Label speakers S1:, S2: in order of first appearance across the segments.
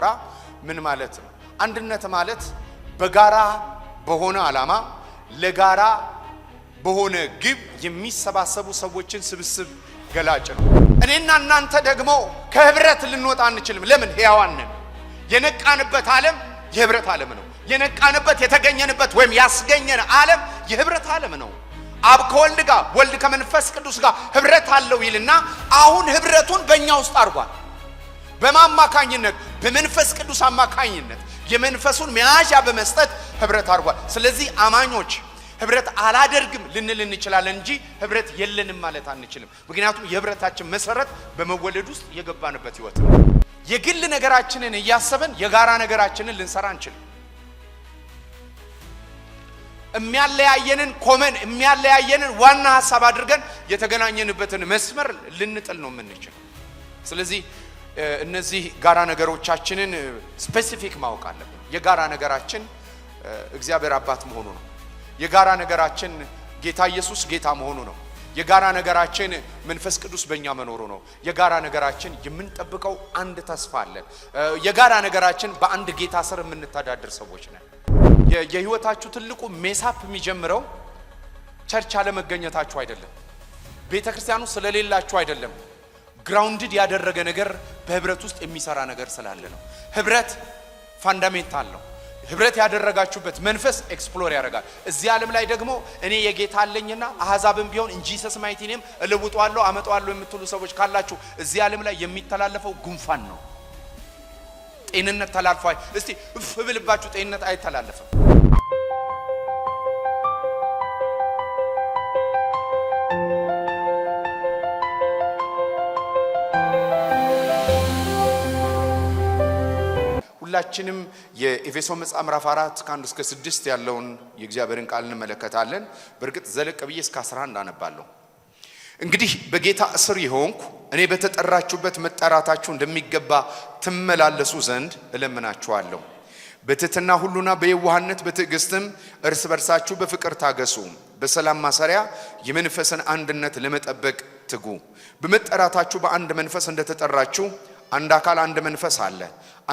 S1: ስናወራ ምን ማለት ነው? አንድነት ማለት በጋራ በሆነ ዓላማ ለጋራ በሆነ ግብ የሚሰባሰቡ ሰዎችን ስብስብ ገላጭ ነው። እኔና እናንተ ደግሞ ከህብረት ልንወጣ አንችልም። ለምን? ሕያዋን ነን። የነቃንበት ዓለም የህብረት ዓለም ነው። የነቃንበት የተገኘንበት ወይም ያስገኘን ዓለም የህብረት ዓለም ነው። አብ ከወልድ ጋር ወልድ ከመንፈስ ቅዱስ ጋር ህብረት አለው ይልና አሁን ህብረቱን በእኛ ውስጥ አድርጓል። በማማካኝነት በመንፈስ ቅዱስ አማካኝነት የመንፈሱን መያዣ በመስጠት ህብረት አድርጓል። ስለዚህ አማኞች ህብረት አላደርግም ልንል እንችላለን እንጂ ህብረት የለንም ማለት አንችልም። ምክንያቱም የህብረታችን መሰረት በመወለድ ውስጥ የገባንበት ህይወት ነው። የግል ነገራችንን እያሰበን የጋራ ነገራችንን ልንሰራ አንችልም። የሚያለያየንን ኮመን የሚያለያየንን ዋና ሀሳብ አድርገን የተገናኘንበትን መስመር ልንጥል ነው የምንችል። ስለዚህ እነዚህ ጋራ ነገሮቻችንን ስፔሲፊክ ማወቅ አለብን። የጋራ ነገራችን እግዚአብሔር አባት መሆኑ ነው። የጋራ ነገራችን ጌታ ኢየሱስ ጌታ መሆኑ ነው። የጋራ ነገራችን መንፈስ ቅዱስ በእኛ መኖሩ ነው። የጋራ ነገራችን የምንጠብቀው አንድ ተስፋ አለን። የጋራ ነገራችን በአንድ ጌታ ስር የምንተዳደር ሰዎች ነን። የህይወታችሁ ትልቁ ሜሳፕ የሚጀምረው ቸርች አለመገኘታችሁ አይደለም። ቤተ ክርስቲያኑ ስለሌላችሁ አይደለም። ግራውንድድ ያደረገ ነገር በህብረት ውስጥ የሚሰራ ነገር ስላለ ነው። ህብረት ፋንዳሜንታል ነው። ህብረት ያደረጋችሁበት መንፈስ ኤክስፕሎር ያደርጋል። እዚህ ዓለም ላይ ደግሞ እኔ የጌታ አለኝና አህዛብን ቢሆን እንጂ ሰስ ማይቲ እኔም እለውጠዋለሁ አመጣዋለሁ የምትሉ ሰዎች ካላችሁ እዚህ ዓለም ላይ የሚተላለፈው ጉንፋን ነው። ጤንነት ተላልፏል። እስቲ እፍ ብልባችሁ ጤንነት አይተላለፍም። ሁላችንም የኤፌሶ መጽሐፍ ምዕራፍ አራት ከአንድ እስከ ስድስት ያለውን የእግዚአብሔርን ቃል እንመለከታለን። በእርግጥ ዘለቅ ብዬ እስከ አስራ አንድ አነባለሁ። እንግዲህ በጌታ እስር የሆንኩ እኔ በተጠራችሁበት መጠራታችሁ እንደሚገባ ትመላለሱ ዘንድ እለምናችኋለሁ። በትህትና ሁሉና በየዋህነት በትዕግስትም እርስ በርሳችሁ በፍቅር ታገሱ። በሰላም ማሰሪያ የመንፈስን አንድነት ለመጠበቅ ትጉ። በመጠራታችሁ በአንድ መንፈስ እንደተጠራችሁ አንድ አካል አንድ መንፈስ አለ።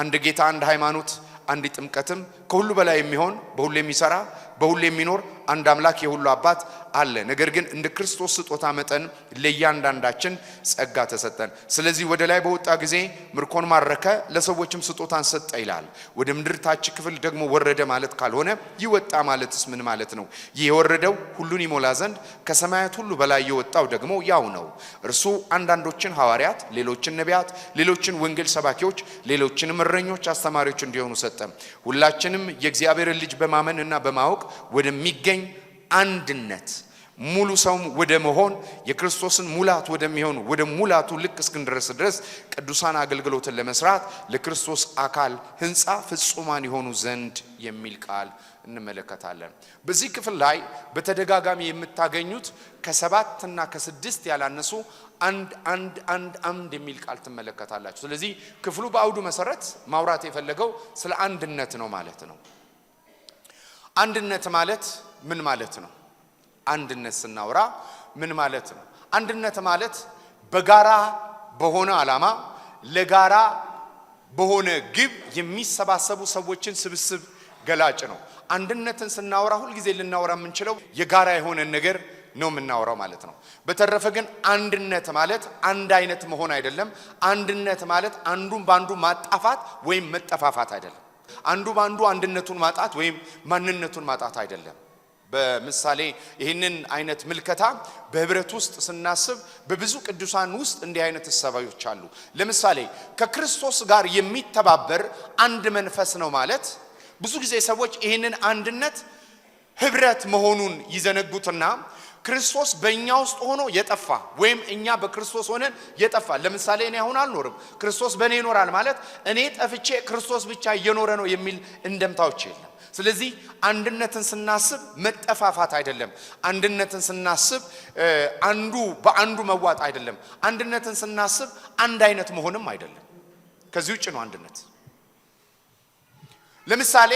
S1: አንድ ጌታ፣ አንድ ሃይማኖት፣ አንድ ጥምቀትም ከሁሉ በላይ የሚሆን በሁሉ የሚሰራ በሁሉ የሚኖር አንድ አምላክ የሁሉ አባት አለ። ነገር ግን እንደ ክርስቶስ ስጦታ መጠን ለእያንዳንዳችን ጸጋ ተሰጠን። ስለዚህ ወደ ላይ በወጣ ጊዜ ምርኮን ማረከ፣ ለሰዎችም ስጦታን ሰጠ ይላል። ወደ ምድር ታች ክፍል ደግሞ ወረደ ማለት ካልሆነ ይወጣ ማለትስ ምን ማለት ነው? ይህ የወረደው ሁሉን ይሞላ ዘንድ ከሰማያት ሁሉ በላይ የወጣው ደግሞ ያው ነው። እርሱ አንዳንዶችን ሐዋርያት፣ ሌሎችን ነቢያት፣ ሌሎችን ወንጌል ሰባኪዎች፣ ሌሎችንም እረኞች፣ አስተማሪዎች እንዲሆኑ ሰጠ። ሁላችንም የእግዚአብሔርን ልጅ በማመን እና በማወቅ ወደሚገኝ አንድነት ሙሉ ሰው ወደ መሆን የክርስቶስን ሙላት ወደሚሆን ወደ ሙላቱ ልክ እስክንደርስ ድረስ ቅዱሳን አገልግሎትን ለመስራት ለክርስቶስ አካል ህንፃ ፍጹማን የሆኑ ዘንድ የሚል ቃል እንመለከታለን። በዚህ ክፍል ላይ በተደጋጋሚ የምታገኙት ከሰባት እና ከስድስት ያላነሱ አንድ አንድ አንድ አንድ የሚል ቃል ትመለከታላችሁ። ስለዚህ ክፍሉ በአውዱ መሰረት ማውራት የፈለገው ስለ አንድነት ነው ማለት ነው። አንድነት ማለት ምን ማለት ነው? አንድነት ስናወራ ምን ማለት ነው? አንድነት ማለት በጋራ በሆነ ዓላማ ለጋራ በሆነ ግብ የሚሰባሰቡ ሰዎችን ስብስብ ገላጭ ነው። አንድነትን ስናወራ ሁልጊዜ ልናወራ የምንችለው የጋራ የሆነን ነገር ነው የምናወራው ማለት ነው። በተረፈ ግን አንድነት ማለት አንድ አይነት መሆን አይደለም። አንድነት ማለት አንዱን በአንዱ ማጣፋት ወይም መጠፋፋት አይደለም። አንዱ በአንዱ አንድነቱን ማጣት ወይም ማንነቱን ማጣት አይደለም። በምሳሌ ይህንን አይነት ምልከታ በህብረት ውስጥ ስናስብ በብዙ ቅዱሳን ውስጥ እንዲህ አይነት እሰባዮች አሉ። ለምሳሌ ከክርስቶስ ጋር የሚተባበር አንድ መንፈስ ነው ማለት ብዙ ጊዜ ሰዎች ይህንን አንድነት ህብረት መሆኑን ይዘነጉትና ክርስቶስ በእኛ ውስጥ ሆኖ የጠፋ ወይም እኛ በክርስቶስ ሆነን የጠፋ። ለምሳሌ እኔ አሁን አልኖርም፣ ክርስቶስ በእኔ ይኖራል ማለት እኔ ጠፍቼ ክርስቶስ ብቻ እየኖረ ነው የሚል እንደምታዎች የለም። ስለዚህ አንድነትን ስናስብ መጠፋፋት አይደለም። አንድነትን ስናስብ አንዱ በአንዱ መዋጥ አይደለም። አንድነትን ስናስብ አንድ አይነት መሆንም አይደለም። ከዚህ ውጭ ነው አንድነት። ለምሳሌ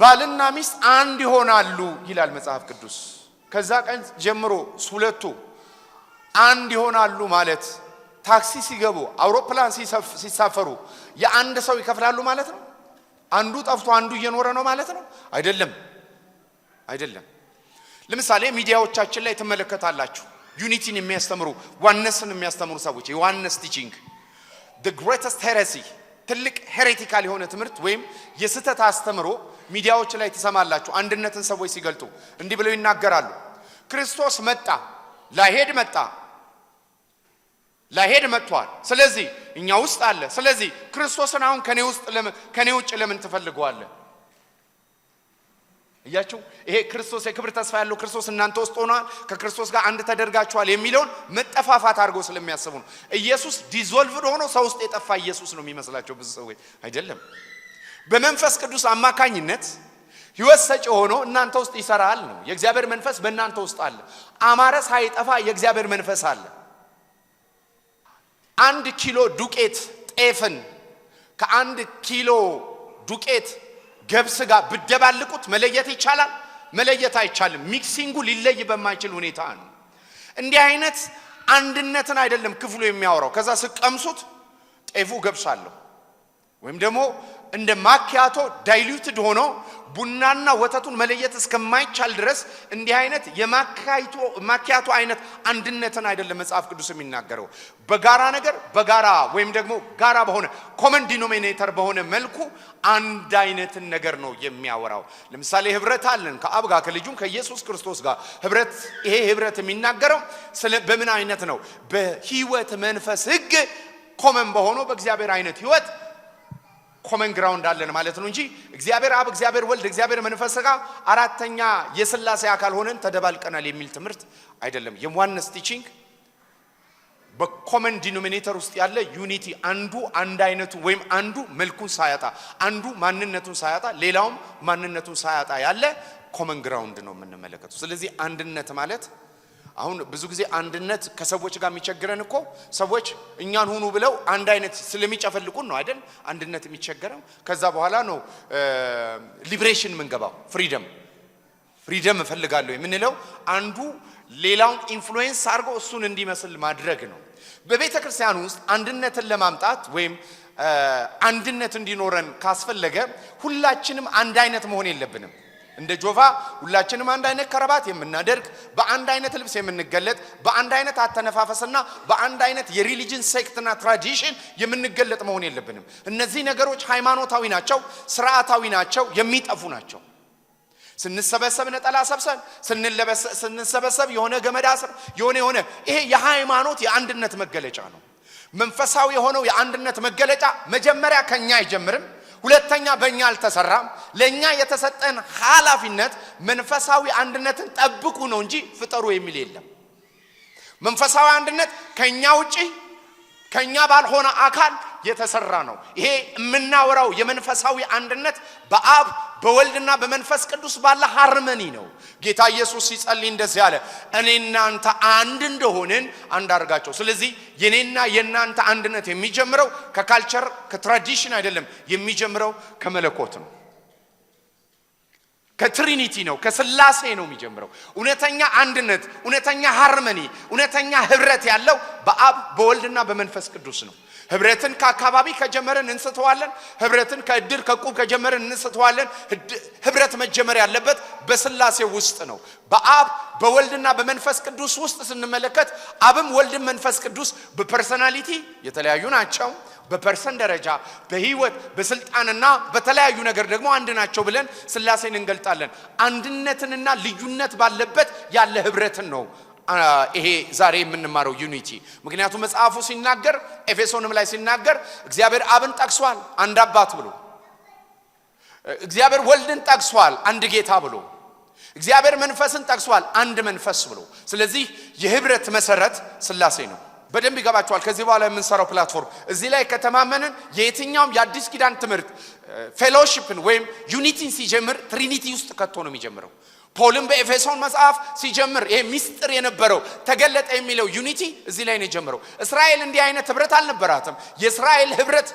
S1: ባልና ሚስት አንድ ይሆናሉ ይላል መጽሐፍ ቅዱስ። ከዛ ቀን ጀምሮ ሁለቱ አንድ ይሆናሉ ማለት ታክሲ ሲገቡ አውሮፕላን ሲሳፈሩ የአንድ ሰው ይከፍላሉ ማለት ነው። አንዱ ጠፍቶ አንዱ እየኖረ ነው ማለት ነው። አይደለም፣ አይደለም። ለምሳሌ ሚዲያዎቻችን ላይ ትመለከታላችሁ ዩኒቲን የሚያስተምሩ ዋነስን የሚያስተምሩ ሰዎች የዋነስ ቲቺንግ the ሄረሲ ትልቅ ሄሬቲካል የሆነ ትምህርት ወይም የስህተት አስተምሮ ሚዲያዎች ላይ ትሰማላችሁ። አንድነትን ሰዎች ሲገልጡ እንዲህ ብለው ይናገራሉ። ክርስቶስ መጣ፣ ላሄድ መጣ፣ ላሄድ መጥቷል። ስለዚህ እኛ ውስጥ አለ። ስለዚህ ክርስቶስን አሁን ከኔ ውስጥ ከኔ ውጭ ለምን ትፈልገዋለ? እያችሁ ይሄ ክርስቶስ የክብር ተስፋ ያለው ክርስቶስ እናንተ ውስጥ ሆኗል፣ ከክርስቶስ ጋር አንድ ተደርጋችኋል የሚለውን መጠፋፋት አድርገው ስለሚያስቡ ነው። ኢየሱስ ዲዞልቭድ ሆኖ ሰው ውስጥ የጠፋ ኢየሱስ ነው የሚመስላቸው ብዙ ሰዎች አይደለም። በመንፈስ ቅዱስ አማካኝነት ህይወት ሰጪ ሆኖ እናንተ ውስጥ ይሰራል ነው። የእግዚአብሔር መንፈስ በእናንተ ውስጥ አለ። አማረ ሳይጠፋ የእግዚአብሔር መንፈስ አለ። አንድ ኪሎ ዱቄት ጤፍን ከአንድ ኪሎ ዱቄት ገብስ ጋር ብደባልቁት መለየት ይቻላል? መለየት አይቻልም። ሚክሲንጉ ሊለይ በማይችል ሁኔታ ነው። እንዲህ አይነት አንድነትን አይደለም ክፍሉ የሚያወራው። ከዛ ስቀምሱት ጤፉ ገብስ አለው ወይም ደግሞ እንደ ማኪያቶ ዳይሉትድ ሆኖ ቡናና ወተቱን መለየት እስከማይቻል ድረስ እንዲህ አይነት የማኪያቶ አይነት አንድነትን አይደለም መጽሐፍ ቅዱስ የሚናገረው። በጋራ ነገር በጋራ ወይም ደግሞ ጋራ በሆነ ኮመን ዲኖሚኔተር በሆነ መልኩ አንድ አይነትን ነገር ነው የሚያወራው። ለምሳሌ ህብረት አለን ከአብ ጋር ከልጁም ከኢየሱስ ክርስቶስ ጋር ህብረት። ይሄ ህብረት የሚናገረው በምን አይነት ነው? በህይወት መንፈስ ህግ ኮመን በሆነው በእግዚአብሔር አይነት ህይወት ኮመን ግራውንድ አለን ማለት ነው እንጂ እግዚአብሔር አብ፣ እግዚአብሔር ወልድ፣ እግዚአብሔር መንፈስ ጋር አራተኛ የስላሴ አካል ሆነን ተደባልቀናል የሚል ትምህርት አይደለም። የዮሐንስ ቲቺንግ በኮመን ዲኖሚኔተር ውስጥ ያለ ዩኒቲ አንዱ አንድ አይነቱ ወይም አንዱ መልኩን ሳያጣ አንዱ ማንነቱን ሳያጣ ሌላውም ማንነቱን ሳያጣ ያለ ኮመን ግራውንድ ነው የምንመለከተው። ስለዚህ አንድነት ማለት አሁን ብዙ ጊዜ አንድነት ከሰዎች ጋር የሚቸግረን እኮ ሰዎች እኛን ሁኑ ብለው አንድ አይነት ስለሚጨፈልቁን ነው አይደል? አንድነት የሚቸገረው ከዛ በኋላ ነው ሊብሬሽን የምንገባው። ፍሪደም ፍሪደም እፈልጋለሁ የምንለው አንዱ ሌላውን ኢንፍሉዌንስ አድርጎ እሱን እንዲመስል ማድረግ ነው። በቤተ ክርስቲያን ውስጥ አንድነትን ለማምጣት ወይም አንድነት እንዲኖረን ካስፈለገ ሁላችንም አንድ አይነት መሆን የለብንም። እንደ ጆቫ ሁላችንም አንድ አይነት ከረባት የምናደርግ በአንድ አይነት ልብስ የምንገለጥ በአንድ አይነት አተነፋፈስና በአንድ አይነት የሪሊጅን ሴክትና ትራዲሽን የምንገለጥ መሆን የለብንም። እነዚህ ነገሮች ሃይማኖታዊ ናቸው፣ ስርዓታዊ ናቸው፣ የሚጠፉ ናቸው። ስንሰበሰብ ነጠላ ሰብሰን ስንሰበሰብ የሆነ ገመድ አስር፣ የሆነ የሆነ ይሄ የሃይማኖት የአንድነት መገለጫ ነው። መንፈሳዊ የሆነው የአንድነት መገለጫ መጀመሪያ ከኛ አይጀምርም። ሁለተኛ በእኛ አልተሰራም። ለእኛ የተሰጠን ኃላፊነት መንፈሳዊ አንድነትን ጠብቁ ነው እንጂ ፍጠሩ የሚል የለም። መንፈሳዊ አንድነት ከእኛ ውጪ ከእኛ ባልሆነ አካል የተሰራ ነው። ይሄ የምናወራው የመንፈሳዊ አንድነት በአብ በወልድና በመንፈስ ቅዱስ ባለ ሃርመኒ ነው። ጌታ ኢየሱስ ሲጸልይ እንደዚህ አለ፣ እኔ እናንተ አንድ እንደሆንን አንድ አድርጋቸው። ስለዚህ የኔና የእናንተ አንድነት የሚጀምረው ከካልቸር ከትራዲሽን አይደለም፣ የሚጀምረው ከመለኮት ነው። ከትሪኒቲ ነው ከስላሴ ነው የሚጀምረው። እውነተኛ አንድነት፣ እውነተኛ ሃርመኒ፣ እውነተኛ ህብረት ያለው በአብ በወልድና በመንፈስ ቅዱስ ነው። ህብረትን ከአካባቢ ከጀመረን እንስተዋለን። ህብረትን ከእድር ከቁብ ከጀመረን እንስተዋለን። ህብረት መጀመር ያለበት በስላሴ ውስጥ ነው። በአብ በወልድና በመንፈስ ቅዱስ ውስጥ ስንመለከት አብም ወልድም መንፈስ ቅዱስ በፐርሰናሊቲ የተለያዩ ናቸው። በፐርሰን ደረጃ በህይወት በስልጣንና በተለያዩ ነገር ደግሞ አንድ ናቸው ብለን ስላሴን እንገልጣለን። አንድነትንና ልዩነት ባለበት ያለ ህብረትን ነው ይሄ ዛሬ የምንማረው ዩኒቲ። ምክንያቱም መጽሐፉ ሲናገር ኤፌሶንም ላይ ሲናገር እግዚአብሔር አብን ጠቅሷል፣ አንድ አባት ብሎ እግዚአብሔር ወልድን ጠቅሷል፣ አንድ ጌታ ብሎ እግዚአብሔር መንፈስን ጠቅሷል፣ አንድ መንፈስ ብሎ። ስለዚህ የህብረት መሰረት ስላሴ ነው። በደንብ ይገባቸዋል። ከዚህ በኋላ የምንሰራው ፕላትፎርም እዚህ ላይ ከተማመንን የየትኛውም የአዲስ ኪዳን ትምህርት ፌሎሽፕን ወይም ዩኒቲን ሲጀምር ትሪኒቲ ውስጥ ከቶ ነው የሚጀምረው። ፖልም በኤፌሶን መጽሐፍ ሲጀምር ይሄ ሚስጥር የነበረው ተገለጠ የሚለው ዩኒቲ እዚህ ላይ ነው የጀምረው። እስራኤል እንዲህ አይነት ህብረት አልነበራትም። የእስራኤል ህብረት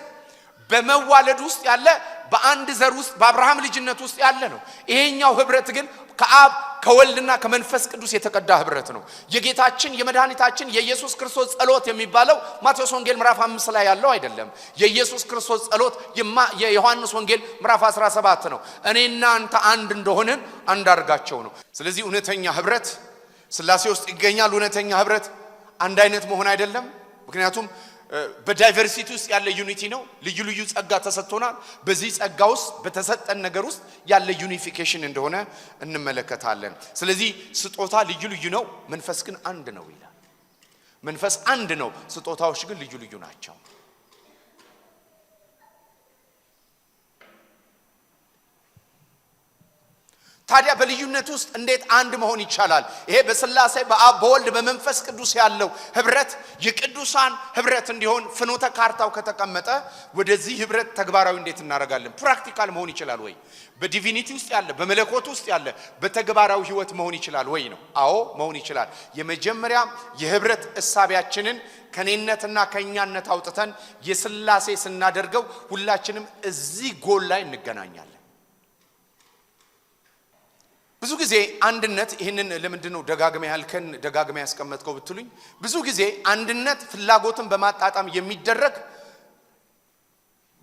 S1: በመዋለድ ውስጥ ያለ በአንድ ዘር ውስጥ በአብርሃም ልጅነት ውስጥ ያለ ነው። ይሄኛው ህብረት ግን ከአብ ከወልድና ከመንፈስ ቅዱስ የተቀዳ ህብረት ነው። የጌታችን የመድኃኒታችን የኢየሱስ ክርስቶስ ጸሎት የሚባለው ማቴዎስ ወንጌል ምዕራፍ አምስት ላይ ያለው አይደለም። የኢየሱስ ክርስቶስ ጸሎት የዮሐንስ ወንጌል ምዕራፍ 17 ነው። እኔና አንተ አንድ እንደሆንን አንዳርጋቸው ነው። ስለዚህ እውነተኛ ህብረት ስላሴ ውስጥ ይገኛል። እውነተኛ ህብረት አንድ አይነት መሆን አይደለም። ምክንያቱም በዳይቨርሲቲ ውስጥ ያለ ዩኒቲ ነው። ልዩ ልዩ ጸጋ ተሰጥቶናል። በዚህ ጸጋ ውስጥ በተሰጠን ነገር ውስጥ ያለ ዩኒፊኬሽን እንደሆነ እንመለከታለን። ስለዚህ ስጦታ ልዩ ልዩ ነው፣ መንፈስ ግን አንድ ነው ይላል። መንፈስ አንድ ነው፣ ስጦታዎች ግን ልዩ ልዩ ናቸው። ታዲያ በልዩነት ውስጥ እንዴት አንድ መሆን ይቻላል? ይሄ በስላሴ በአብ በወልድ በመንፈስ ቅዱስ ያለው ህብረት የቅዱሳን ህብረት እንዲሆን ፍኖተ ካርታው ከተቀመጠ ወደዚህ ህብረት ተግባራዊ እንዴት እናደርጋለን? ፕራክቲካል መሆን ይችላል ወይ? በዲቪኒቲ ውስጥ ያለ በመለኮት ውስጥ ያለ በተግባራዊ ህይወት መሆን ይችላል ወይ ነው። አዎ መሆን ይችላል። የመጀመሪያ የህብረት እሳቢያችንን ከኔነትና ከእኛነት አውጥተን የስላሴ ስናደርገው ሁላችንም እዚህ ጎል ላይ እንገናኛለን። ብዙ ጊዜ አንድነት ይህንን ለምንድን ነው ደጋግሜ ያልከን ደጋግሜ ያስቀመጥከው ብትሉኝ፣ ብዙ ጊዜ አንድነት ፍላጎትን በማጣጣም የሚደረግ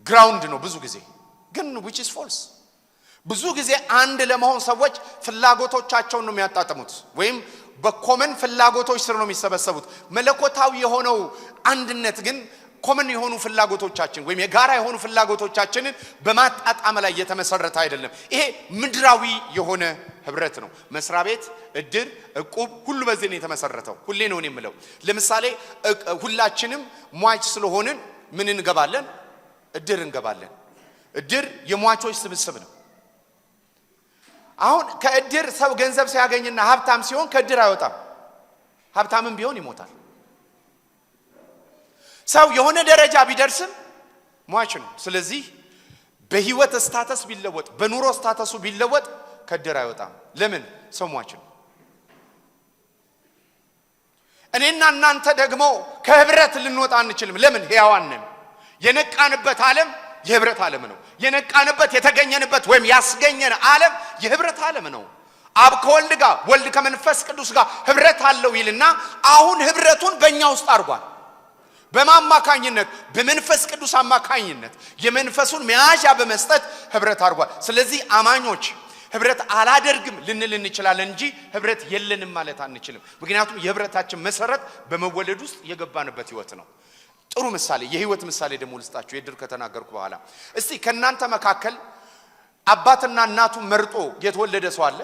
S1: ግራውንድ ነው። ብዙ ጊዜ ግን ዊች ኢዝ ፎልስ። ብዙ ጊዜ አንድ ለመሆን ሰዎች ፍላጎቶቻቸውን ነው የሚያጣጥሙት ወይም በኮመን ፍላጎቶች ስር ነው የሚሰበሰቡት። መለኮታዊ የሆነው አንድነት ግን ኮመን የሆኑ ፍላጎቶቻችን ወይም የጋራ የሆኑ ፍላጎቶቻችንን በማጣጣም ላይ የተመሰረተ አይደለም። ይሄ ምድራዊ የሆነ ህብረት ነው። መስሪያ ቤት፣ እድር፣ እቁብ ሁሉ በዚህ ነው የተመሰረተው። ሁሌ ነው የምለው። ለምሳሌ ሁላችንም ሟች ስለሆንን ምን እንገባለን? እድር እንገባለን። እድር የሟቾች ስብስብ ነው። አሁን ከእድር ሰው ገንዘብ ሲያገኝና ሀብታም ሲሆን ከእድር አይወጣም። ሀብታምም ቢሆን ይሞታል። ሰው የሆነ ደረጃ ቢደርስም ሟች ነው። ስለዚህ በህይወት ስታተስ ቢለወጥ፣ በኑሮ ስታተሱ ቢለወጥ ከድር አይወጣም። ለምን ሰሟችን። እኔና እናንተ ደግሞ ከህብረት ልንወጣ አንችልም። ለምን ሕያዋን ነን። የነቃንበት ዓለም የህብረት ዓለም ነው። የነቃንበት የተገኘንበት ወይም ያስገኘን ዓለም የህብረት ዓለም ነው። አብ ከወልድ ጋር ወልድ ከመንፈስ ቅዱስ ጋር ህብረት አለው ይልና አሁን ህብረቱን በእኛ ውስጥ አድርጓል። በማማካኝነት በመንፈስ ቅዱስ አማካኝነት የመንፈሱን መያዣ በመስጠት ህብረት አድርጓል። ስለዚህ አማኞች ህብረት አላደርግም ልንል እንችላለን እንጂ ህብረት የለንም ማለት አንችልም። ምክንያቱም የህብረታችን መሰረት በመወለድ ውስጥ የገባንበት ህይወት ነው። ጥሩ ምሳሌ፣ የህይወት ምሳሌ ደግሞ ልስጣችሁ የድር ከተናገርኩ በኋላ። እስቲ ከእናንተ መካከል አባትና እናቱ መርጦ የተወለደ ሰው አለ?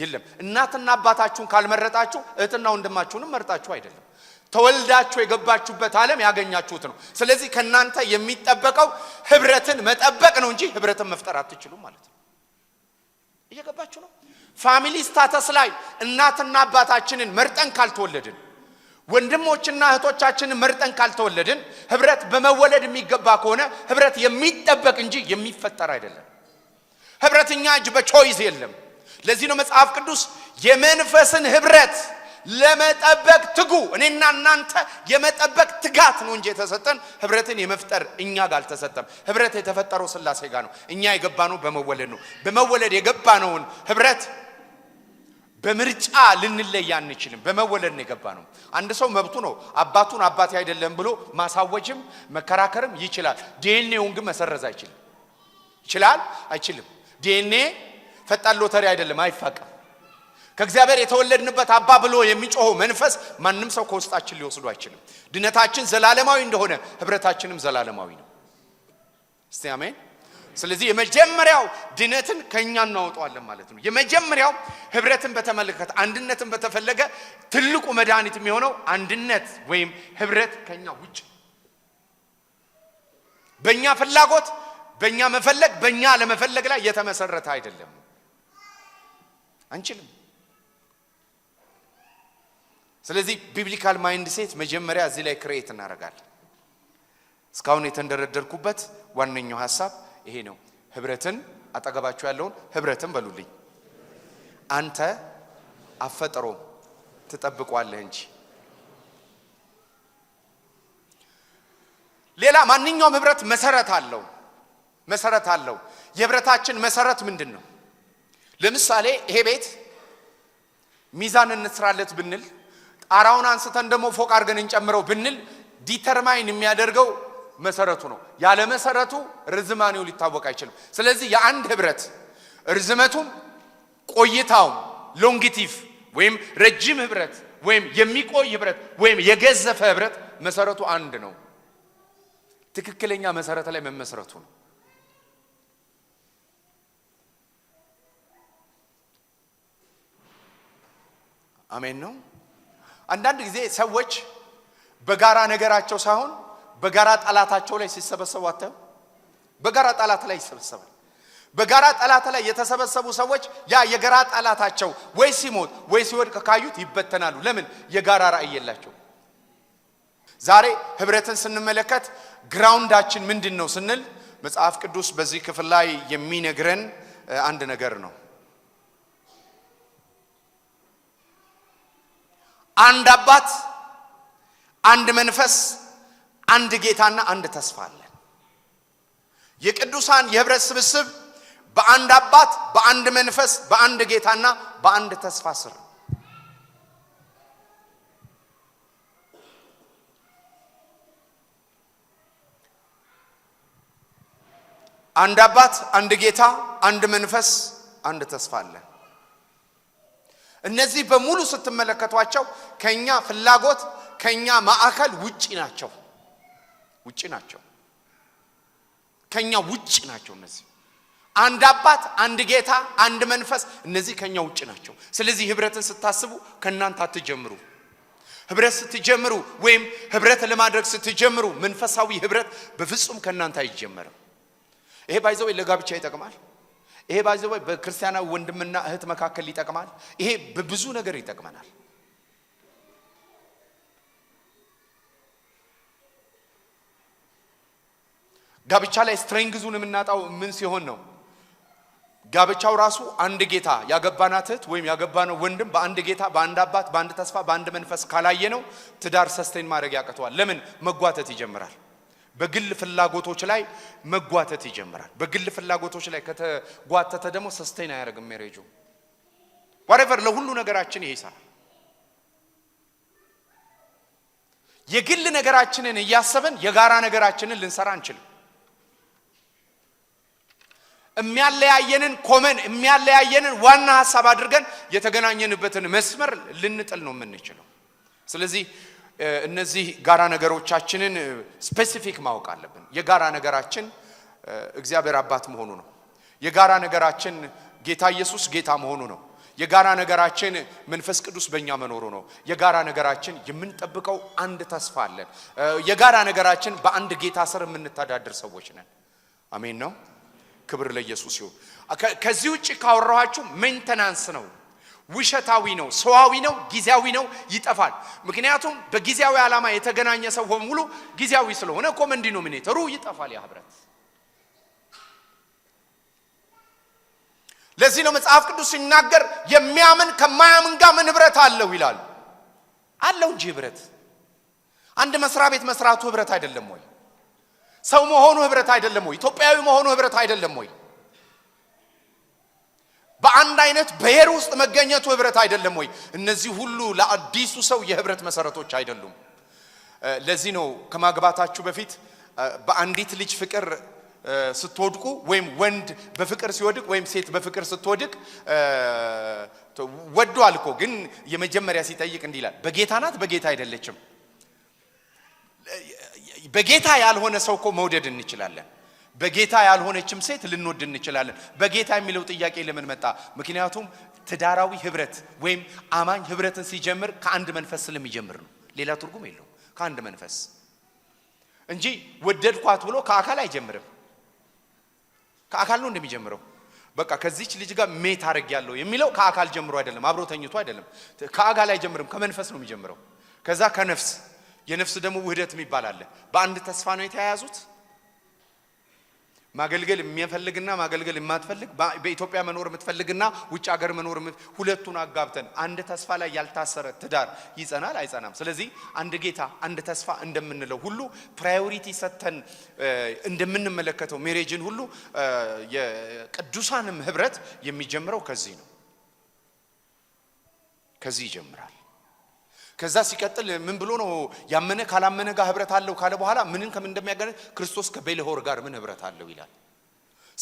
S1: የለም። እናትና አባታችሁን ካልመረጣችሁ እህትና ወንድማችሁንም መርጣችሁ አይደለም ተወልዳችሁ የገባችሁበት ዓለም ያገኛችሁት ነው። ስለዚህ ከእናንተ የሚጠበቀው ህብረትን መጠበቅ ነው እንጂ ህብረትን መፍጠር አትችሉም ማለት ነው። እየገባችሁ ነው። ፋሚሊ ስታተስ ላይ እናትና አባታችንን መርጠን ካልተወለድን፣ ወንድሞችና እህቶቻችንን መርጠን ካልተወለድን፣ ህብረት በመወለድ የሚገባ ከሆነ ህብረት የሚጠበቅ እንጂ የሚፈጠር አይደለም። ህብረትኛ እጅ በቾይዝ የለም። ለዚህ ነው መጽሐፍ ቅዱስ የመንፈስን ህብረት ለመጠበቅ ትጉ። እኔና እናንተ የመጠበቅ ትጋት ነው እንጂ የተሰጠን ህብረትን የመፍጠር እኛ ጋር አልተሰጠም። ህብረት የተፈጠረው ስላሴ ጋር ነው። እኛ ነው በመወለድ ነው። በመወለድ የገባነውን ህብረት በምርጫ ልንለይ አንችልም። በመወለድ ነው የገባነው። አንድ ሰው መብቱ ነው። አባቱን አባቴ አይደለም ብሎ ማሳወጅም መከራከርም ይችላል። ዲኤንኤውን ግን መሰረዝ አይችልም። ይችላል? አይችልም። ዲኤንኤ ፈጣን ሎተሪ አይደለም፣ አይፋቀም። ከእግዚአብሔር የተወለድንበት አባ ብሎ የሚጮኸው መንፈስ ማንም ሰው ከውስጣችን ሊወስዱ አይችልም። ድነታችን ዘላለማዊ እንደሆነ ህብረታችንም ዘላለማዊ ነው። እስቲ አሜን። ስለዚህ የመጀመሪያው ድነትን ከእኛ እናወጣዋለን ማለት ነው። የመጀመሪያው ህብረትን በተመለከተ አንድነትን በተፈለገ ትልቁ መድኃኒት የሚሆነው አንድነት ወይም ህብረት ከእኛ ውጭ በእኛ ፍላጎት፣ በእኛ መፈለግ፣ በእኛ ለመፈለግ ላይ የተመሰረተ አይደለም። አንችልም ስለዚህ ቢብሊካል ማይንድ ሴት መጀመሪያ እዚህ ላይ ክሬት እናደርጋለን። እስካሁን የተንደረደርኩበት ዋነኛው ሀሳብ ይሄ ነው። ህብረትን አጠገባችሁ ያለውን ህብረትን በሉልኝ። አንተ አፈጥሮ ትጠብቋለህ እንጂ ሌላ ማንኛውም ህብረት መሰረት አለው፣ መሰረት አለው። የህብረታችን መሰረት ምንድን ነው? ለምሳሌ ይሄ ቤት ሚዛን እንስራለት ብንል ጣራውን አንስተን ደግሞ ፎቅ አድርገን እንጨምረው ብንል ዲተርማይን የሚያደርገው መሰረቱ ነው። ያለ መሰረቱ ርዝማኔው ሊታወቅ አይችልም። ስለዚህ የአንድ ህብረት ርዝመቱም ቆይታውም ሎንግቲቭ ወይም ረጅም ህብረት ወይም የሚቆይ ህብረት ወይም የገዘፈ ህብረት መሰረቱ አንድ ነው። ትክክለኛ መሰረት ላይ መመስረቱ ነው። አሜን ነው። አንዳንድ ጊዜ ሰዎች በጋራ ነገራቸው ሳይሆን በጋራ ጠላታቸው ላይ ሲሰበሰቡ አታዩ? በጋራ ጠላት ላይ ይሰበሰባል። በጋራ ጠላት ላይ የተሰበሰቡ ሰዎች ያ የጋራ ጠላታቸው ወይ ሲሞት ወይ ሲወድቅ ካዩት ይበተናሉ። ለምን? የጋራ ራዕይ የላቸው። ዛሬ ህብረትን ስንመለከት ግራውንዳችን ምንድን ነው ስንል መጽሐፍ ቅዱስ በዚህ ክፍል ላይ የሚነግረን አንድ ነገር ነው። አንድ አባት፣ አንድ መንፈስ፣ አንድ ጌታና አንድ ተስፋ አለን። የቅዱሳን የህብረት ስብስብ በአንድ አባት፣ በአንድ መንፈስ፣ በአንድ ጌታና በአንድ ተስፋ ስር አንድ አባት፣ አንድ ጌታ፣ አንድ መንፈስ፣ አንድ ተስፋ አለን። እነዚህ በሙሉ ስትመለከቷቸው ከኛ ፍላጎት ከኛ ማዕከል ውጪ ናቸው፣ ውጪ ናቸው፣ ከኛ ውጪ ናቸው። እነዚህ አንድ አባት፣ አንድ ጌታ፣ አንድ መንፈስ፣ እነዚህ ከኛ ውጭ ናቸው። ስለዚህ ህብረትን ስታስቡ ከእናንተ አትጀምሩ። ህብረት ስትጀምሩ ወይም ህብረት ለማድረግ ስትጀምሩ መንፈሳዊ ህብረት በፍጹም ከእናንተ አይጀመርም። ይሄ ባይዘው ለጋብቻ ይጠቅማል። ይሄ ባይዘወይ በክርስቲያናዊ ወንድምና እህት መካከል ይጠቅማል። ይሄ በብዙ ነገር ይጠቅመናል። ጋብቻ ላይ ስትሬንግዙን የምናጣው ምን ሲሆን ነው? ጋብቻው ራሱ አንድ ጌታ ያገባናት እህት ወይም ያገባነው ወንድም በአንድ ጌታ፣ በአንድ አባት፣ በአንድ ተስፋ፣ በአንድ መንፈስ ካላየ ነው ትዳር ሰስቴን ማድረግ ያቅተዋል። ለምን መጓተት ይጀምራል? በግል ፍላጎቶች ላይ መጓተት ይጀምራል። በግል ፍላጎቶች ላይ ከተጓተተ ደግሞ ሰስቴን አያደርግም ሜሬጁ። ዋሬቨር ለሁሉ ነገራችን ይሄ ይሰራል። የግል ነገራችንን እያሰብን የጋራ ነገራችንን ልንሰራ አንችልም። የሚያለያየንን ኮመን የሚያለያየንን ዋና ሀሳብ አድርገን የተገናኘንበትን መስመር ልንጥል ነው የምንችለው። ስለዚህ እነዚህ ጋራ ነገሮቻችንን ስፔሲፊክ ማወቅ አለብን። የጋራ ነገራችን እግዚአብሔር አባት መሆኑ ነው። የጋራ ነገራችን ጌታ ኢየሱስ ጌታ መሆኑ ነው። የጋራ ነገራችን መንፈስ ቅዱስ በእኛ መኖሩ ነው። የጋራ ነገራችን የምንጠብቀው አንድ ተስፋ አለን። የጋራ ነገራችን በአንድ ጌታ ስር የምንተዳደር ሰዎች ነን። አሜን ነው። ክብር ለኢየሱስ ይሁን። ከዚህ ውጭ ካወራኋችሁ ሜንተናንስ ነው። ውሸታዊ ነው፣ ሰዋዊ ነው፣ ጊዜያዊ ነው፣ ይጠፋል። ምክንያቱም በጊዜያዊ ዓላማ የተገናኘ ሰው በሙሉ ጊዜያዊ ስለሆነ ኮመን ዲኖሚኔተሩ ይጠፋል። ያ ህብረት። ለዚህ ነው መጽሐፍ ቅዱስ ሲናገር የሚያምን ከማያምን ጋር ምን ህብረት አለው ይላል። አለው እንጂ ህብረት። አንድ መስሪያ ቤት መስራቱ ህብረት አይደለም ወይ? ሰው መሆኑ ህብረት አይደለም ወይ? ኢትዮጵያዊ መሆኑ ህብረት አይደለም ወይ? በአንድ አይነት ብሔር ውስጥ መገኘቱ ህብረት አይደለም ወይ? እነዚህ ሁሉ ለአዲሱ ሰው የህብረት መሰረቶች አይደሉም። ለዚህ ነው ከማግባታችሁ በፊት በአንዲት ልጅ ፍቅር ስትወድቁ ወይም ወንድ በፍቅር ሲወድቅ ወይም ሴት በፍቅር ስትወድቅ ወዷል አልኮ ግን የመጀመሪያ ሲጠይቅ እንዲህ ይላል፣ በጌታ ናት በጌታ አይደለችም። በጌታ ያልሆነ ሰው እኮ መውደድ እንችላለን። በጌታ ያልሆነችም ሴት ልንወድ እንችላለን። በጌታ የሚለው ጥያቄ ለምን መጣ? ምክንያቱም ትዳራዊ ህብረት ወይም አማኝ ህብረትን ሲጀምር ከአንድ መንፈስ ስለሚጀምር ነው። ሌላ ትርጉም የለው ከአንድ መንፈስ እንጂ ወደድኳት ብሎ ከአካል አይጀምርም። ከአካል ነው እንደሚጀምረው። በቃ ከዚች ልጅ ጋር ሜት ያለው የሚለው ከአካል ጀምሮ አይደለም፣ አብሮ ተኝቶ አይደለም። ከአካል አይጀምርም፣ ከመንፈስ ነው የሚጀምረው። ከዛ ከነፍስ የነፍስ ደግሞ ውህደት የሚባል አለ። በአንድ ተስፋ ነው የተያያዙት ማገልገል የሚፈልግና ማገልገል የማትፈልግ በኢትዮጵያ መኖር የምትፈልግና ውጭ ሀገር መኖር ሁለቱን አጋብተን አንድ ተስፋ ላይ ያልታሰረ ትዳር ይጸናል አይጸናም። ስለዚህ አንድ ጌታ አንድ ተስፋ እንደምንለው ሁሉ ፕራዮሪቲ ሰጥተን እንደምንመለከተው ሜሬጅን ሁሉ የቅዱሳንም ህብረት የሚጀምረው ከዚህ ነው፣ ከዚህ ይጀምራል። ከዛ ሲቀጥል ምን ብሎ ነው ያመነ ካላመነ ጋር ህብረት አለው ካለ በኋላ ምንን ከምን እንደሚያገናኝ ክርስቶስ ከቤልሆር ጋር ምን ህብረት አለው ይላል።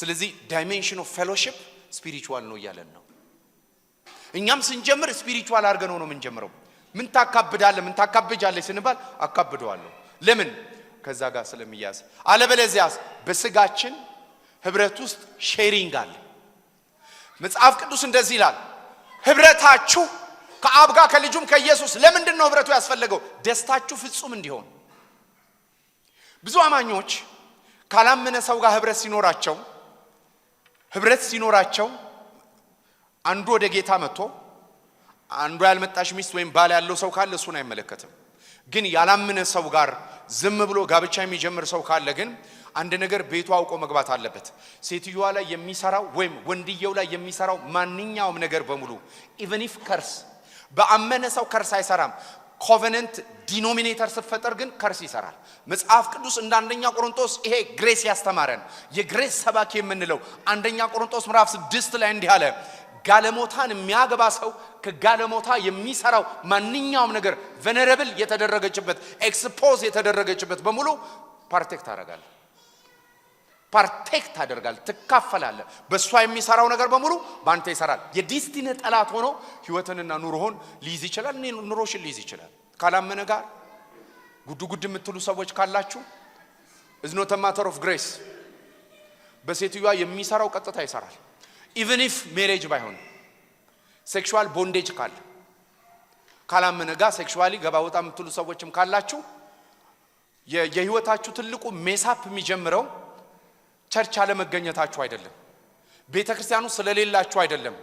S1: ስለዚህ ዳይሜንሽን ኦፍ ፌሎሺፕ ስፒሪቹዋል ነው እያለን ነው። እኛም ስንጀምር ስፒሪቹዋል አድርገን ነው የምንጀምረው። ምን ታካብዳለ ምን ታካብጃለህ ስንባል አካብደዋለሁ። ለምን ከዛ ጋር ስለሚያዝ። አለበለዚያስ በስጋችን ህብረት ውስጥ ሼሪንግ አለ። መጽሐፍ ቅዱስ እንደዚህ ይላል፣ ህብረታችሁ ከአብ ጋር ከልጁም ከኢየሱስ ለምንድን ነው ህብረቱ ያስፈለገው? ደስታችሁ ፍጹም እንዲሆን። ብዙ አማኞች ካላመነ ሰው ጋር ህብረት ሲኖራቸው ህብረት ሲኖራቸው አንዱ ወደ ጌታ መጥቶ አንዱ ያልመጣሽ ሚስት ወይም ባል ያለው ሰው ካለ እሱን አይመለከትም። ግን ያላመነ ሰው ጋር ዝም ብሎ ጋብቻ የሚጀምር ሰው ካለ ግን አንድ ነገር ቤቱ አውቆ መግባት አለበት። ሴትዮዋ ላይ የሚሰራው ወይም ወንድየው ላይ የሚሰራው ማንኛውም ነገር በሙሉ ኢቨን ኢፍ ከርስ በአመነ ሰው ከርስ አይሰራም። ኮቨነንት ዲኖሚኔተር ስፈጠር ግን ከርስ ይሰራል። መጽሐፍ ቅዱስ እንደ አንደኛ ቆሮንቶስ ይሄ ግሬስ ያስተማረን የግሬስ ሰባኪ የምንለው አንደኛ ቆሮንቶስ ምዕራፍ ስድስት ላይ እንዲህ አለ፣ ጋለሞታን የሚያገባ ሰው ከጋለሞታ የሚሰራው ማንኛውም ነገር ቬነረብል የተደረገችበት ኤክስፖዝ የተደረገችበት በሙሉ ፓርቴክ ታደርጋለህ። ፓርቴክ ታደርጋለህ፣ ትካፈላለ። በእሷ የሚሰራው ነገር በሙሉ በአንተ ይሰራል። የዲስቲኒ ጠላት ሆኖ ህይወትንና ኑሮሆን ሊይዝ ይችላል፣ ኑሮሽን ሊይዝ ይችላል። ካላመነ ጋር ጉድ ጉድ የምትሉ ሰዎች ካላችሁ እዝኖተ ተማተር ኦፍ ግሬስ በሴትዮዋ የሚሰራው ቀጥታ ይሰራል። ኢቨን ኢፍ ሜሬጅ ባይሆን ሴክሹዋል ቦንዴጅ ካለ ካላመነ ጋር ሴክሹዋሊ ገባ ወጣ የምትሉ ሰዎችም ካላችሁ የህይወታችሁ ትልቁ ሜሳፕ የሚጀምረው ቸርች አለመገኘታችሁ አይደለም። ቤተ ክርስቲያኑ ስለሌላችሁ አይደለም።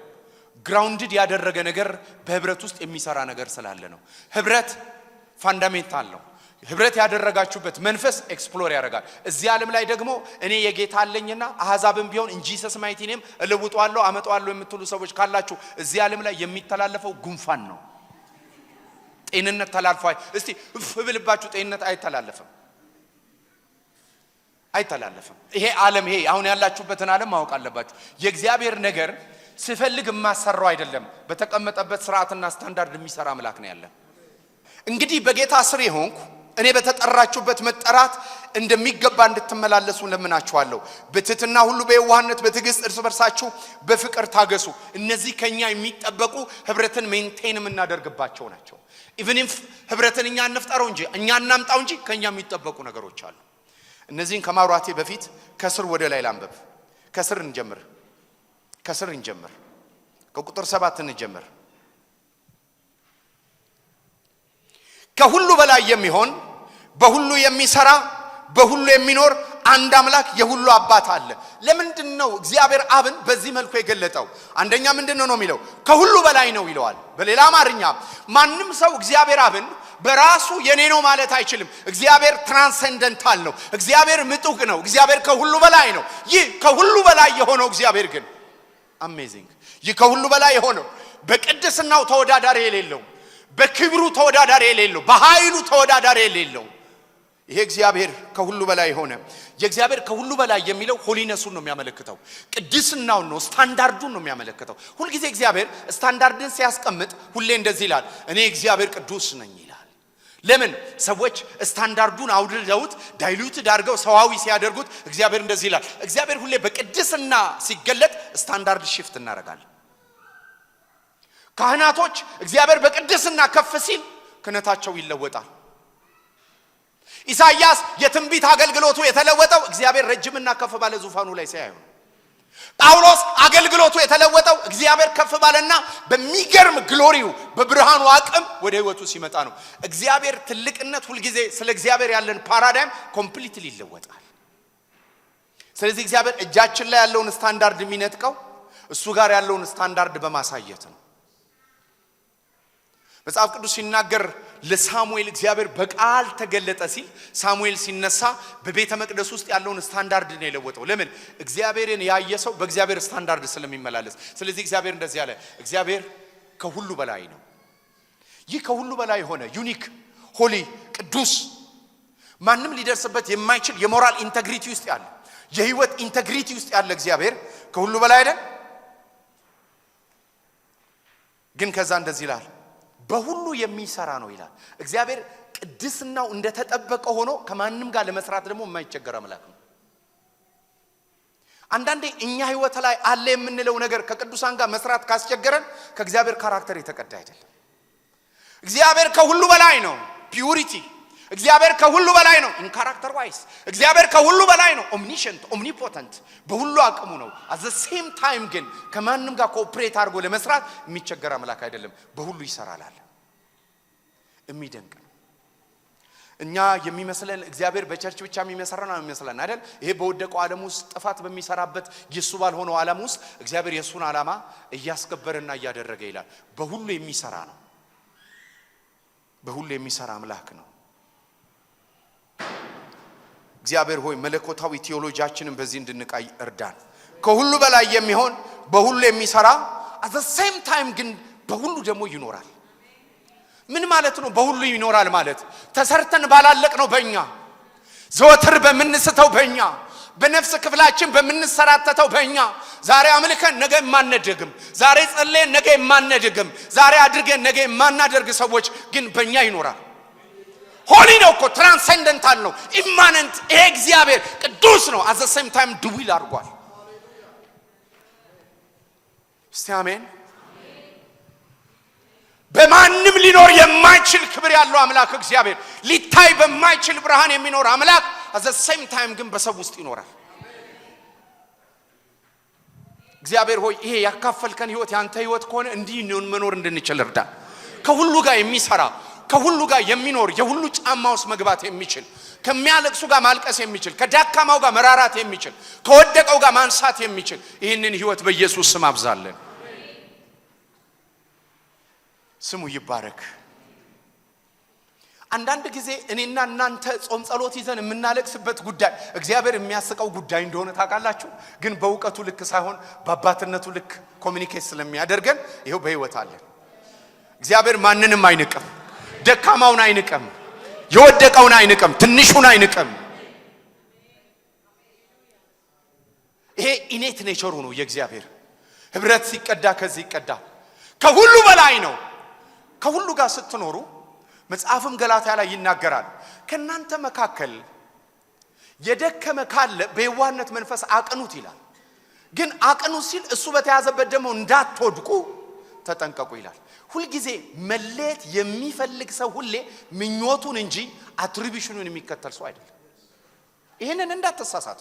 S1: ግራውንድድ ያደረገ ነገር በህብረት ውስጥ የሚሰራ ነገር ስላለ ነው። ህብረት ፋንዳሜንታል ነው። ህብረት ያደረጋችሁበት መንፈስ ኤክስፕሎር ያደርጋል። እዚህ ዓለም ላይ ደግሞ እኔ የጌታ አለኝና አሕዛብን ቢሆን እንጂ ሰስማይቲ እኔም እለውጠዋለሁ አመጣዋለሁ የምትሉ ሰዎች ካላችሁ እዚህ ዓለም ላይ የሚተላለፈው ጉንፋን ነው። ጤንነት ተላልፏል። እስቲ እፍ ብልባችሁ ጤንነት አይተላለፍም። አይተላለፍም። ይሄ ዓለም ይሄ አሁን ያላችሁበትን ዓለም ማወቅ አለባችሁ። የእግዚአብሔር ነገር ስፈልግ የማሰራው አይደለም። በተቀመጠበት ስርዓትና ስታንዳርድ የሚሰራ አምላክ ነው ያለን። እንግዲህ በጌታ ስር የሆንኩ እኔ በተጠራችሁበት መጠራት እንደሚገባ እንድትመላለሱ ለምናችኋለሁ። በትህትና ሁሉ በየዋህነት በትዕግስት እርስ በርሳችሁ በፍቅር ታገሱ። እነዚህ ከኛ የሚጠበቁ ህብረትን ሜንቴን የምናደርግባቸው ናቸው። ኢቭን ህብረትን እኛ እንፍጠረው እንጂ እኛ እናምጣው እንጂ ከኛ የሚጠበቁ ነገሮች አሉ። እነዚህን ከማውራቴ በፊት ከስር ወደ ላይ ላንበብ። ከስር እንጀምር፣ ከስር እንጀምር። ከቁጥር ሰባት እንጀምር። ከሁሉ በላይ የሚሆን በሁሉ የሚሰራ በሁሉ የሚኖር አንድ አምላክ የሁሉ አባት አለ። ለምንድን ነው እግዚአብሔር አብን በዚህ መልኩ የገለጠው? አንደኛ ምንድን ነው ነው የሚለው ከሁሉ በላይ ነው ይለዋል። በሌላ አማርኛ ማንም ሰው እግዚአብሔር አብን በራሱ የኔ ነው ማለት አይችልም። እግዚአብሔር ትራንሰንደንታል ነው። እግዚአብሔር ምጡቅ ነው። እግዚአብሔር ከሁሉ በላይ ነው። ይህ ከሁሉ በላይ የሆነው እግዚአብሔር ግን አሜዚንግ። ይህ ከሁሉ በላይ የሆነው በቅድስናው ተወዳዳሪ የሌለው፣ በክብሩ ተወዳዳሪ የሌለው፣ በኃይሉ ተወዳዳሪ የሌለው ይሄ እግዚአብሔር ከሁሉ በላይ የሆነ የእግዚአብሔር ከሁሉ በላይ የሚለው ሆሊነሱን ነው የሚያመለክተው። ቅድስናውን ነው፣ ስታንዳርዱን ነው የሚያመለክተው። ሁልጊዜ እግዚአብሔር ስታንዳርድን ሲያስቀምጥ ሁሌ እንደዚህ ይላል፣ እኔ እግዚአብሔር ቅዱስ ነኝ ይላል። ለምን ሰዎች ስታንዳርዱን አውድለውት ዳይሉት ዳርገው ሰዋዊ ሲያደርጉት፣ እግዚአብሔር እንደዚህ ይላል። እግዚአብሔር ሁሌ በቅድስና ሲገለጥ ስታንዳርድ ሽፍት እናደርጋለን። ካህናቶች እግዚአብሔር በቅድስና ከፍ ሲል ክህነታቸው ይለወጣል። ኢሳይያስ የትንቢት አገልግሎቱ የተለወጠው እግዚአብሔር ረጅምና ከፍ ባለ ዙፋኑ ላይ ሲያዩ ጳውሎስ አገልግሎቱ የተለወጠው እግዚአብሔር ከፍ ባለና በሚገርም ግሎሪው በብርሃኑ አቅም ወደ ህይወቱ ሲመጣ ነው። እግዚአብሔር ትልቅነት ሁልጊዜ ስለ እግዚአብሔር ያለን ፓራዳይም ኮምፕሊትሊ ይለወጣል። ስለዚህ እግዚአብሔር እጃችን ላይ ያለውን ስታንዳርድ የሚነጥቀው እሱ ጋር ያለውን ስታንዳርድ በማሳየት ነው። መጽሐፍ ቅዱስ ሲናገር ለሳሙኤል እግዚአብሔር በቃል ተገለጠ ሲል ሳሙኤል ሲነሳ በቤተ መቅደስ ውስጥ ያለውን ስታንዳርድ ነው የለወጠው። ለምን? እግዚአብሔርን ያየ ሰው በእግዚአብሔር ስታንዳርድ ስለሚመላለስ። ስለዚህ እግዚአብሔር እንደዚህ አለ፣ እግዚአብሔር ከሁሉ በላይ ነው። ይህ ከሁሉ በላይ የሆነ ዩኒክ፣ ሆሊ፣ ቅዱስ፣ ማንም ሊደርስበት የማይችል የሞራል ኢንተግሪቲ ውስጥ ያለ የህይወት ኢንተግሪቲ ውስጥ ያለ እግዚአብሔር ከሁሉ በላይ አይደል? ግን ከዛ እንደዚህ ይላል በሁሉ የሚሰራ ነው ይላል። እግዚአብሔር ቅድስናው እንደተጠበቀ ሆኖ ከማንም ጋር ለመስራት ደግሞ የማይቸገር አምላክ ነው። አንዳንዴ እኛ ህይወት ላይ አለ የምንለው ነገር ከቅዱሳን ጋር መስራት ካስቸገረን ከእግዚአብሔር ካራክተር የተቀዳ አይደለም። እግዚአብሔር ከሁሉ በላይ ነው። ፒውሪቲ እግዚአብሔር ከሁሉ በላይ ነው። ኢን ካራክተር ዋይስ እግዚአብሔር ከሁሉ በላይ ነው። ኦምኒሸንት ኦምኒፖተንት፣ በሁሉ አቅሙ ነው። አዘ ሴም ታይም ግን ከማንም ጋር ኮኦፕሬት አድርጎ ለመስራት የሚቸገር አምላክ አይደለም። በሁሉ ይሰራላል። የሚደንቅ ነው። እኛ የሚመስለን እግዚአብሔር በቸርች ብቻ የሚመሰራ ነው የሚመስለን አይደል? ይሄ በወደቀው ዓለም ውስጥ ጥፋት በሚሰራበት የሱ ባልሆነው ዓለም ውስጥ እግዚአብሔር የእሱን ዓላማ እያስከበረና እያደረገ ይላል። በሁሉ የሚሰራ ነው። በሁሉ የሚሰራ አምላክ ነው። እግዚአብሔር ሆይ መለኮታዊ ቴዎሎጂያችንን በዚህ እንድንቃይ እርዳን። ከሁሉ በላይ የሚሆን በሁሉ የሚሰራ አት ሴም ታይም ግን በሁሉ ደግሞ ይኖራል። ምን ማለት ነው? በሁሉ ይኖራል ማለት ተሰርተን ባላለቅ ነው በእኛ ዘወትር በምንስተው በእኛ በነፍስ ክፍላችን በምንሰራተተው በእኛ ዛሬ አምልከን ነገ የማነደግም፣ ዛሬ ጸለየን ነገ የማነደግም፣ ዛሬ አድርገን ነገ የማናደርግ ሰዎች ግን በእኛ ይኖራል። ሆሊ ነው እኮ ትራንሰንደንታል ነው ኢማነንት። ይሄ እግዚአብሔር ቅዱስ ነው። አዘ ሴም ታይም ድዊል አድርጓል። እስቲ አሜን። በማንም ሊኖር የማይችል ክብር ያለው አምላክ እግዚአብሔር፣ ሊታይ በማይችል ብርሃን የሚኖር አምላክ አዘ ሴም ታይም ግን በሰው ውስጥ ይኖራል። እግዚአብሔር ሆይ ይሄ ያካፈልከን ህይወት ያንተ ህይወት ከሆነ እንዲህ መኖር እንድንችል እርዳ። ከሁሉ ጋር የሚሰራ ከሁሉ ጋር የሚኖር የሁሉ ጫማ ውስጥ መግባት የሚችል ከሚያለቅሱ ጋር ማልቀስ የሚችል ከዳካማው ጋር መራራት የሚችል ከወደቀው ጋር ማንሳት የሚችል ይህንን ህይወት በኢየሱስ ስም አብዛለን። ስሙ ይባረክ። አንዳንድ ጊዜ እኔና እናንተ ጾም ጸሎት ይዘን የምናለቅስበት ጉዳይ እግዚአብሔር የሚያስቀው ጉዳይ እንደሆነ ታውቃላችሁ። ግን በእውቀቱ ልክ ሳይሆን በአባትነቱ ልክ ኮሚኒኬት ስለሚያደርገን ይኸው በህይወት አለን። እግዚአብሔር ማንንም አይንቅም። ደካማውን አይንቀም፣ የወደቀውን አይንቀም፣ ትንሹን አይንቀም። ይሄ ኢኔት ኔቸሩ ነው የእግዚአብሔር። ህብረት ሲቀዳ ከዚህ ይቀዳ ከሁሉ በላይ ነው። ከሁሉ ጋር ስትኖሩ መጽሐፍም ገላትያ ላይ ይናገራል። ከእናንተ መካከል የደከመ ካለ በየዋህነት መንፈስ አቅኑት ይላል። ግን አቅኑት ሲል እሱ በተያዘበት ደግሞ እንዳትወድቁ ተጠንቀቁ ይላል። ሁልጊዜ መለየት የሚፈልግ ሰው ሁሌ ምኞቱን እንጂ አትሪቢሽኑን የሚከተል ሰው አይደለም። ይህንን እንዳትሳሳቱ።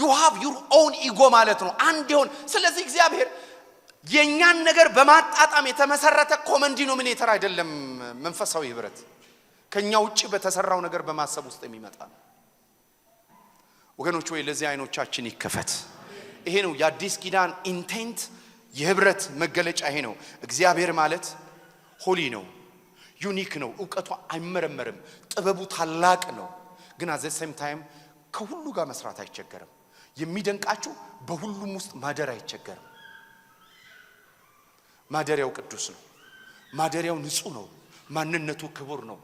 S1: ዩ ሃቭ ዩር ኦውን ኢጎ ማለት ነው አንድ የሆን ስለዚህ እግዚአብሔር የእኛን ነገር በማጣጣም የተመሰረተ ኮመን ዲኖሚኔተር አይደለም። መንፈሳዊ ህብረት ከእኛ ውጭ በተሰራው ነገር በማሰብ ውስጥ የሚመጣ ነው። ወገኖች ወይ ለዚህ አይኖቻችን ይከፈት። ይሄ ነው የአዲስ ኪዳን ኢንቴንት የህብረት መገለጫ ይሄ ነው። እግዚአብሔር ማለት ሆሊ ነው፣ ዩኒክ ነው፣ እውቀቱ አይመረመርም፣ ጥበቡ ታላቅ ነው። ግን አዘ ሴም ታይም ከሁሉ ጋር መስራት አይቸገርም። የሚደንቃችሁ በሁሉም ውስጥ ማደር አይቸገርም። ማደሪያው ቅዱስ ነው። ማደሪያው ንጹህ ነው። ማንነቱ ክቡር ነው።